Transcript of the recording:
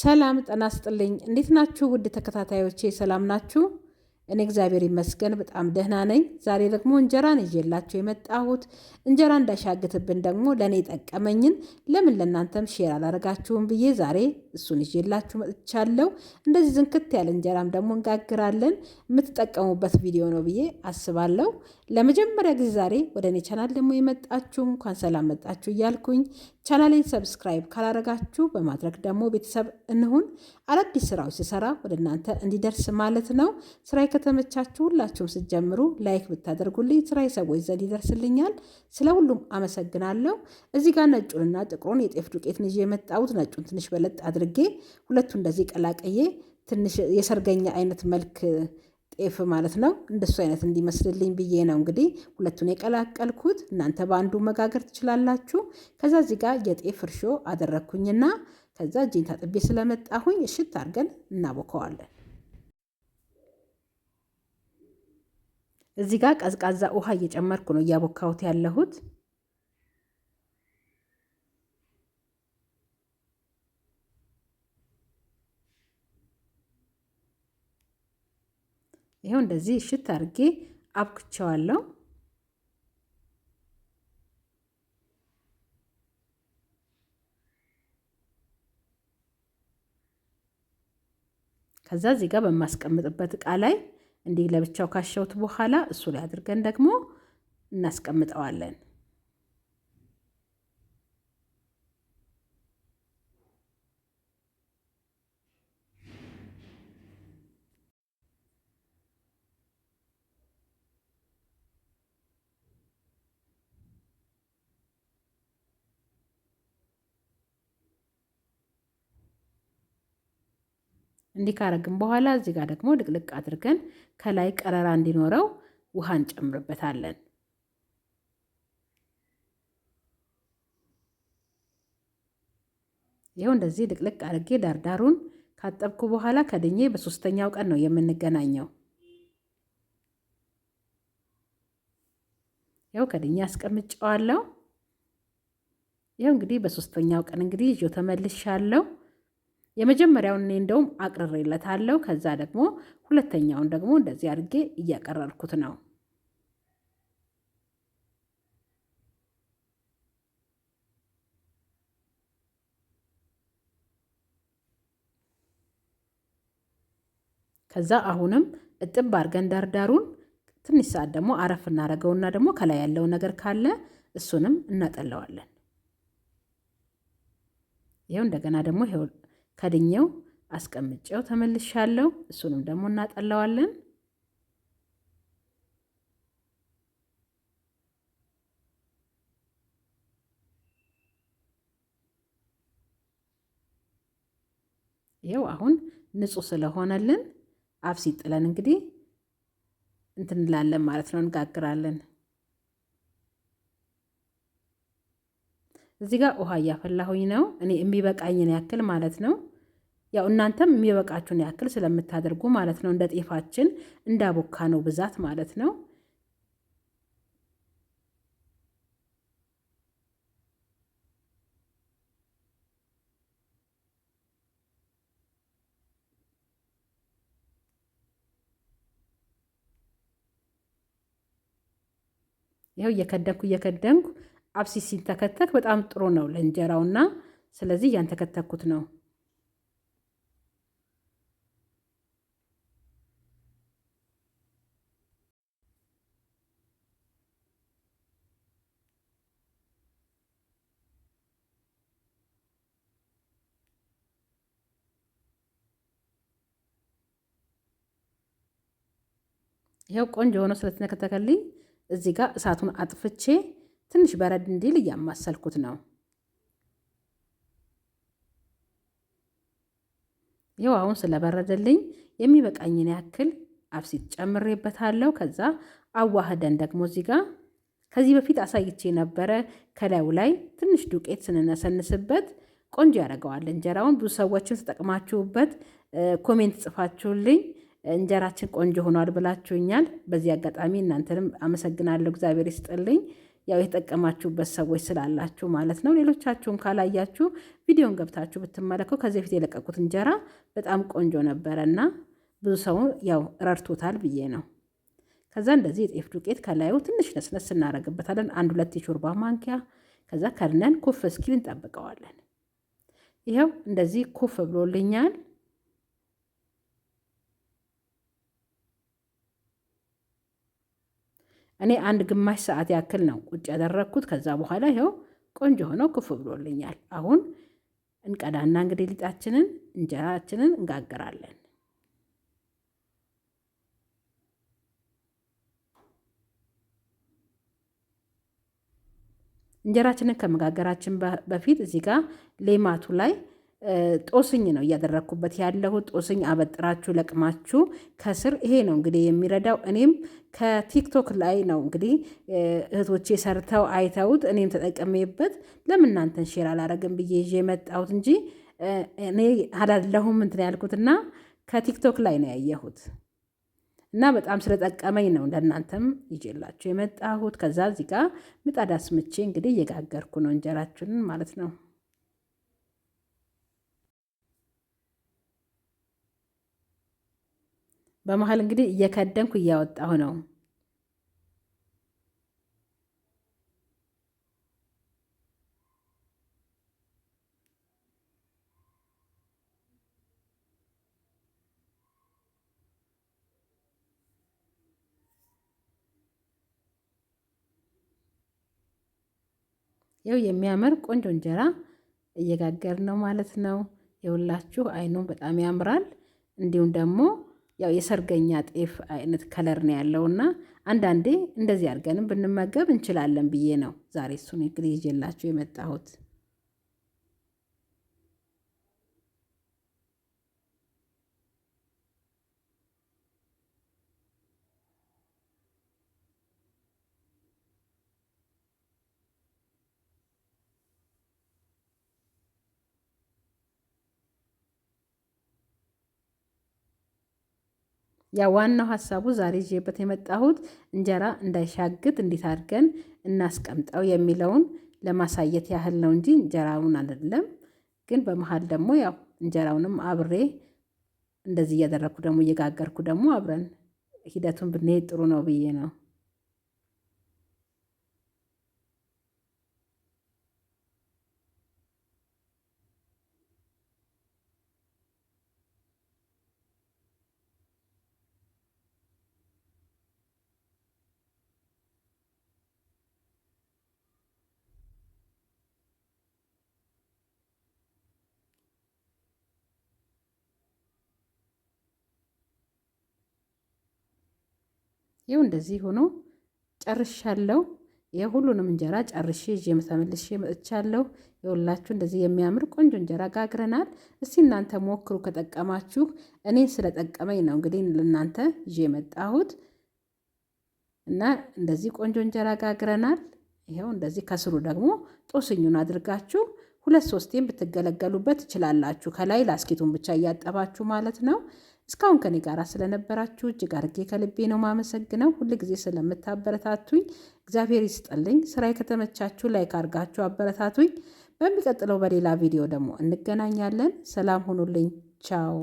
ሰላም ጠና ስጥልኝ እንዴት ናችሁ ውድ ተከታታዮቼ? ሰላም ናችሁ? እኔ እግዚአብሔር ይመስገን በጣም ደህና ነኝ። ዛሬ ደግሞ እንጀራን ይዤላችሁ የመጣሁት እንጀራ እንዳይሻግትብን ደግሞ ለእኔ ጠቀመኝን ለምን ለእናንተም ሼር አላደርጋችሁም ብዬ ዛሬ እሱን ይዤላችሁ መጥቻለሁ። እንደዚህ ዝንክት ያለ እንጀራም ደግሞ እንጋግራለን የምትጠቀሙበት ቪዲዮ ነው ብዬ አስባለሁ። ለመጀመሪያ ጊዜ ዛሬ ወደ እኔ ቻናል ደግሞ የመጣችሁ እንኳን ሰላም መጣችሁ እያልኩኝ ቻናሌን ሰብስክራይብ ካላረጋችሁ በማድረግ ደግሞ ቤተሰብ እንሁን። አዳዲስ ስራዎች ስሰራ ወደ እናንተ እንዲደርስ ማለት ነው። ስራ ከተመቻችሁ ሁላችሁም ስትጀምሩ ላይክ ብታደርጉልኝ ስራ ሰዎች ዘንድ ይደርስልኛል። ስለ ሁሉም አመሰግናለሁ። እዚህ ጋር ነጩንና ጥቁሩን የጤፍ ዱቄትን ይዤ የመጣሁት ነጩን ትንሽ በለጥ አድርጌ ሁለቱ እንደዚህ ቀላቀዬ ትንሽ የሰርገኛ አይነት መልክ ጤፍ ማለት ነው። እንደሱ አይነት እንዲመስልልኝ ብዬ ነው እንግዲህ ሁለቱን የቀላቀልኩት። እናንተ በአንዱ መጋገር ትችላላችሁ። ከዛ እዚህ ጋር የጤፍ እርሾ አደረግኩኝና ከዛ እጄን ታጥቤ ስለመጣሁኝ እሽት አድርገን እናቦከዋለን። እዚህ ጋር ቀዝቃዛ ውሃ እየጨመርኩ ነው እያቦካሁት ያለሁት። ይኸው እንደዚህ እሽት አድርጌ አብክቸዋለሁ። ከዛ እዚህ ጋር በማስቀምጥበት እቃ ላይ እንዲህ ለብቻው ካሸውት በኋላ እሱ ላይ አድርገን ደግሞ እናስቀምጠዋለን። እንዲህ ካረግን በኋላ እዚህ ጋር ደግሞ ልቅልቅ አድርገን ከላይ ቀረራ እንዲኖረው ውሃ እንጨምርበታለን። ይኸው እንደዚህ ልቅልቅ አድርጌ ዳርዳሩን ካጠብኩ በኋላ ከድኜ በሶስተኛው ቀን ነው የምንገናኘው። ይኸው ከድኜ አስቀምጨዋለሁ። ይኸው እንግዲህ በሶስተኛው ቀን እንግዲህ ይዤው ተመልሻለሁ። የመጀመሪያውን እኔ እንደውም አቅርሬለታለሁ። ከዛ ደግሞ ሁለተኛውን ደግሞ እንደዚህ አድርጌ እያቀረርኩት ነው። ከዛ አሁንም እጥብ አድርገን ዳርዳሩን ትንሽ ሰዓት ደግሞ አረፍ እናደርገውና ደግሞ ከላይ ያለው ነገር ካለ እሱንም እናጠለዋለን። ይኸው እንደገና ደግሞ ከድኘው አስቀምጬው ተመልሻለሁ። እሱንም ደግሞ እናጠላዋለን። ይኸው አሁን ንጹህ ስለሆነልን አፍሲጥለን ጥለን እንግዲህ እንትንላለን ማለት ነው፣ እንጋግራለን። እዚህ ጋር ውሃ እያፈላሁኝ ነው። እኔ የሚበቃኝን ያክል ማለት ነው። ያው እናንተም የሚበቃችሁን ያክል ስለምታደርጉ ማለት ነው። እንደ ጤፋችን እንዳቦካ ነው ብዛት ማለት ነው። ይኸው እየከደንኩ እየከደንኩ አብሲስ ሲንተከተክ በጣም ጥሩ ነው ለእንጀራውና፣ ስለዚህ እያንተከተኩት ነው። ይኸው ቆንጆ ሆኖ ስለተነከተከልኝ እዚህ ጋር እሳቱን አጥፍቼ ትንሽ በረድ እንዲል እያማሰልኩት ነው። ይኸው አሁን ስለበረደልኝ የሚበቃኝን ያክል አብሲት ጨምሬበታለሁ። ከዛ አዋህደን ደግሞ እዚህ ጋር ከዚህ በፊት አሳይቼ የነበረ ከላዩ ላይ ትንሽ ዱቄት ስንነሰንስበት ቆንጆ ያደርገዋል እንጀራውን። ብዙ ሰዎችን ተጠቅማችሁበት ኮሜንት ጽፋችሁልኝ እንጀራችን ቆንጆ ሆኗል ብላችሁኛል። በዚህ አጋጣሚ እናንተንም አመሰግናለሁ። እግዚአብሔር ይስጥልኝ። ያው የተጠቀማችሁበት ሰዎች ስላላችሁ ማለት ነው። ሌሎቻችሁን ካላያችሁ ቪዲዮን ገብታችሁ ብትመለከው ከዚህ በፊት የለቀቁት እንጀራ በጣም ቆንጆ ነበረ እና ብዙ ሰው ያው ረድቶታል ብዬ ነው። ከዛ እንደዚህ የጤፍ ዱቄት ከላዩ ትንሽ ነስነስ እናደርግበታለን። አንድ ሁለት የሾርባ ማንኪያ ከዛ ከድነን ኩፍ እስኪል እንጠብቀዋለን። ይኸው እንደዚህ ኩፍ ብሎልኛል። እኔ አንድ ግማሽ ሰዓት ያክል ነው ቁጭ ያደረግኩት። ከዛ በኋላ ይኸው ቆንጆ ሆኖ ክፉ ብሎልኛል። አሁን እንቀዳና እንግዲህ ሊጣችንን እንጀራችንን እንጋግራለን። እንጀራችንን ከመጋገራችን በፊት እዚህ ጋር ሌማቱ ላይ ጦስኝ ነው እያደረግኩበት ያለሁት። ጦስኝ አበጥራችሁ ለቅማችሁ ከስር ይሄ ነው እንግዲህ የሚረዳው። እኔም ከቲክቶክ ላይ ነው እንግዲህ እህቶቼ ሰርተው አይተውት እኔም ተጠቀሜበት ለምን እናንተን ሼር አላረግም ብዬ ይዤ የመጣሁት እንጂ እኔ አላለሁም እንትን ያልኩትና ከቲክቶክ ላይ ነው ያየሁት እና በጣም ስለጠቀመኝ ነው ለእናንተም ይዤላችሁ የመጣሁት። ከዛ እዚህ ጋር ምጣድ አስምቼ እንግዲህ እየጋገርኩ ነው እንጀራችንን ማለት ነው። በመሀል እንግዲህ እየከደንኩ እያወጣሁ ነው። ይው የሚያምር ቆንጆ እንጀራ እየጋገር ነው ማለት ነው። የሁላችሁ አይኑ በጣም ያምራል። እንዲሁም ደግሞ ያው የሰርገኛ ጤፍ አይነት ከለር ነው ያለው እና አንዳንዴ እንደዚህ አድርገንም ብንመገብ እንችላለን ብዬ ነው ዛሬ እሱን እንግዲህ ይዤላችሁ የመጣሁት። ያ ዋናው ሀሳቡ ዛሬ ይዤበት የመጣሁት እንጀራ እንዳይሻግት እንዴት አድርገን እናስቀምጠው የሚለውን ለማሳየት ያህል ነው እንጂ እንጀራውን አይደለም። ግን በመሀል ደግሞ ያው እንጀራውንም አብሬ እንደዚህ እያደረግኩ ደግሞ እየጋገርኩ ደግሞ አብረን ሂደቱን ብንሄድ ጥሩ ነው ብዬ ነው። ይው እንደዚህ ሆኖ ጨርሻለሁ። የሁሉንም እንጀራ ጨርሼ ይዤ ተመልሼ መጥቻለሁ። የሁላችሁ እንደዚህ የሚያምር ቆንጆ እንጀራ ጋግረናል። እስቲ እናንተ ሞክሩ ከጠቀማችሁ። እኔ ስለጠቀመኝ ነው እንግዲህ ለእናንተ ይዤ መጣሁት እና እንደዚህ ቆንጆ እንጀራ ጋግረናል። ይኸው እንደዚህ ከስሩ ደግሞ ጦስኙን አድርጋችሁ ሁለት ሶስቴም ብትገለገሉበት ትችላላችሁ። ከላይ ላስኬቱን ብቻ እያጠባችሁ ማለት ነው። እስካሁን ከኔ ጋር ስለነበራችሁ እጅግ አድርጌ ከልቤ ነው ማመሰግነው። ጊዜ ስለምታበረታቱኝ እግዚአብሔር ይስጥልኝ። ስራዬ ከተመቻችሁ ላይክ አድርጋችሁ አበረታቱኝ። በሚቀጥለው በሌላ ቪዲዮ ደግሞ እንገናኛለን። ሰላም ሁኑልኝ። ቻው